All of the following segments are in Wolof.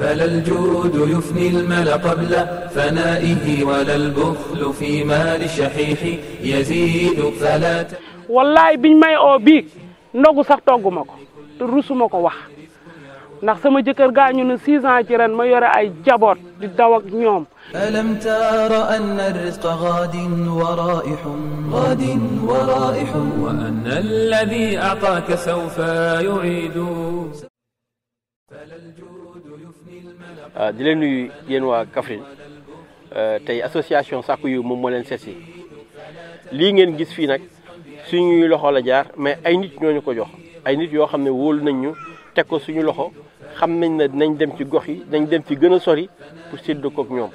فلا الجود يفني المل قبل فنائه ولا البخل في مال شحيح يزيد فلا ت... والله بن ماي او بيك نوغو ساخ توغمako te rusumako wax ndax sama jëkkër gaañu ني 6 ans تي ren ما يوري اي جابور دي داوك نيوم ألم تر أن الرزق غاد ورائح غاد ورائح وأن الذي أعطاك سوف يعيد Euh, di leen nuyu yéen waa Kaffrine euh, tey association Sakku Yiw moom moo leen seet si lii ngeen gis fii nag suñuy loxo la jaar mais ay nit ñooñu ko jox ay nit yoo xam ne wóolu nañ ñu teg ko suñu loxo xam nañ ne nañ dem ci gox yi nañ dem ci gën a sori pour séddoo koog ñoom.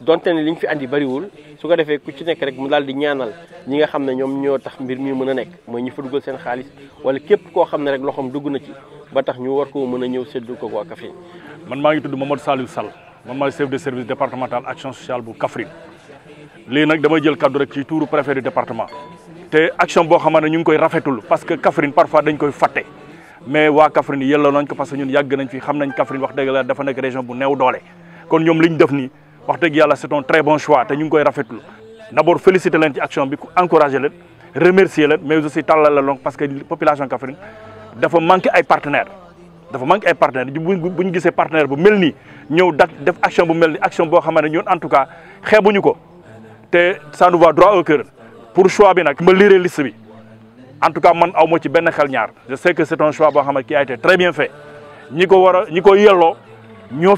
donte ne li ñu fi andi bariwul su ko defee ku ci nekk rek mu daal di ñaanal ñi nga xam ne ñoom ñoo tax mbir mi mën a nekk mooy ñi fa dugal seen xaalis wala képp koo xam ne rek loxoom dugg na ci ba tax ñu war koo mën a ñëw séddu ko waa Kaffrine. man maa ngi tudd Mamadou Saliou Sall man maay chef de service départemental action sociale bu Kaffrine lii nag damay jël kaddu rek ci tuuru préfet du département. te action boo xamante ne ñu ngi koy rafetul parce que Kaffrine parfois dañ koy que ñun yàgg nañ fi xam nañ Kaffrine wax dëgg la dafa nekk doole kon ñoom li def nii wax c'est un très bon choix te ñu ngi koy rafetlu d'abord féliciter leen ci action bi encourager leen remercier leen mais aussi tàllal la long parce que population Kaffrine dafa manqué ay partenaires dafa manqué ay partenaires bu ñu partenaire bu mel nii ñëw dat action bu mel action boo xamante ne en tout cas xeebuñu ko ça nous va droit au cœur pour choix bi nag ma lire liste bi en tout cas man aw ma ci benn xel ñaar je sais que c'est un choix boo qui a été très bien fait ñi wara, war a ñi ko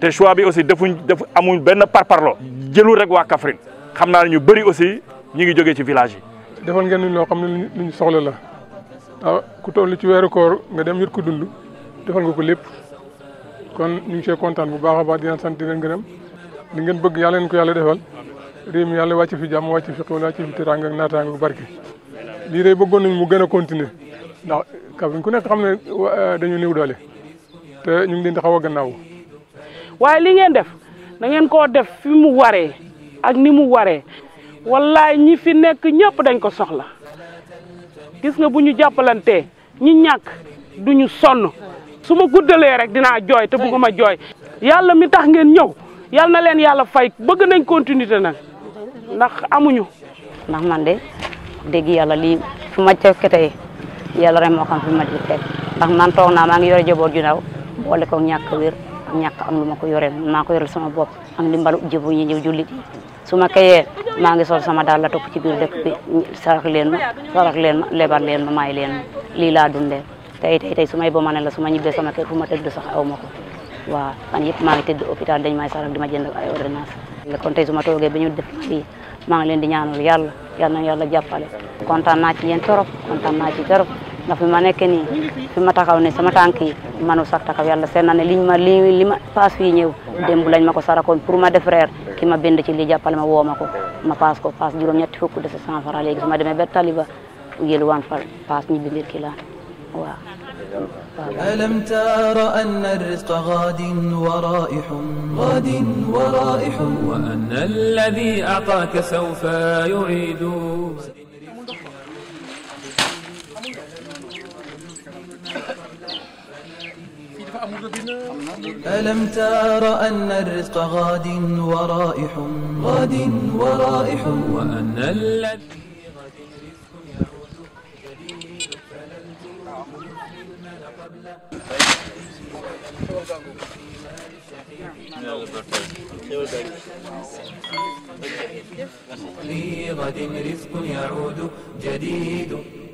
te choix bi aussi defuñ def amuñ benn parparloo jëlu rek waa Kaffrine xam naa ne ñu bëri aussi ñi ngi jógee ci village yi. defal ngeen luñ loo xam ne lu ñu soxla la ah ku toll ci weeru koor nga dem yët ko dund defal nga ko lépp kon ñu ngi see kontaan bu baax a baax di leen sant di leen gërëm li ngeen bëgg yàlla leen ko yàlla defal réew mi yàlla wàcc fi jàmm wàcc fi xéwal wàcc fi teraanga ak naataanga ak barke. liire rek bëggoon nañ mu gën a continuer ndax Kaffrine ku nekk xam ne dañu néew doole te ñu ngi leen di xaw a gannaaw waaye li ngeen def na ngeen koo def fi mu waree ak ni mu waree wallaay ñi fi nekk ñëpp dañ ko soxla gis nga bu ñu jàppalantee ñi ñàkk duñu sonn su ma guddalee rek dinaa jooy te bugg ma jooy yàlla mi tax ngeen ñëw yàlla na leen yàlla fay bëgg nañ continuité nag ndax amuñu ndax man de dégg yàlla lii fi ma cekkatee yàlla rek moo xam fi ma di teg ndax man toog naa maa ngi yore jaboot ju ndaw boole ko ñàkk wér ñàkk am lu ma ko yoreel maa ko yoreel sama bopp am dimbalu jëbu ñi ñëw jullit yi su ma kayee maa ngi sol sama daal la topp ci biir dëkk bi sarax leen ma sarax leen ma lebal leen ma may leen ma lii laa dundee tey tey tey su bo ma ne la su ma ñibbee sama kër fu ma tëdd sax aw ma ko waaw fan yëpp maa ngi tëdd hôpital dañ ma sarax di ma jënd ay ordonnance kon tey su ma toogee ba ñu def lii maa ngi leen di ñaanal yàlla yàlla na yàlla jàppale kontaan naa ci yéen trop na fi ma nekk nii fi ma taxaw ne sama tanki manu sax taxaw yàlla seet na ne liñ ma liñ lima pass paas ñew dem bu lañ mako sarakon pour ma def reer ki ma bend ci li jappal ma woo ma ko ma paas ko pass juroom ñet fukk de 100 cent francs léegi su ma demee ba yel yëluwaan fa pass ñu bindir ki la wa ألم تر أن الرزق غاد ورائح غاد ورائح وأن الذي أعطاك سوف يعيد ألم تر أن الرزق غاد ورائح غاد ورائح وأن الذي غد رزق يعود جديد فلن تؤمن المال قبل غد رزق يعود جديد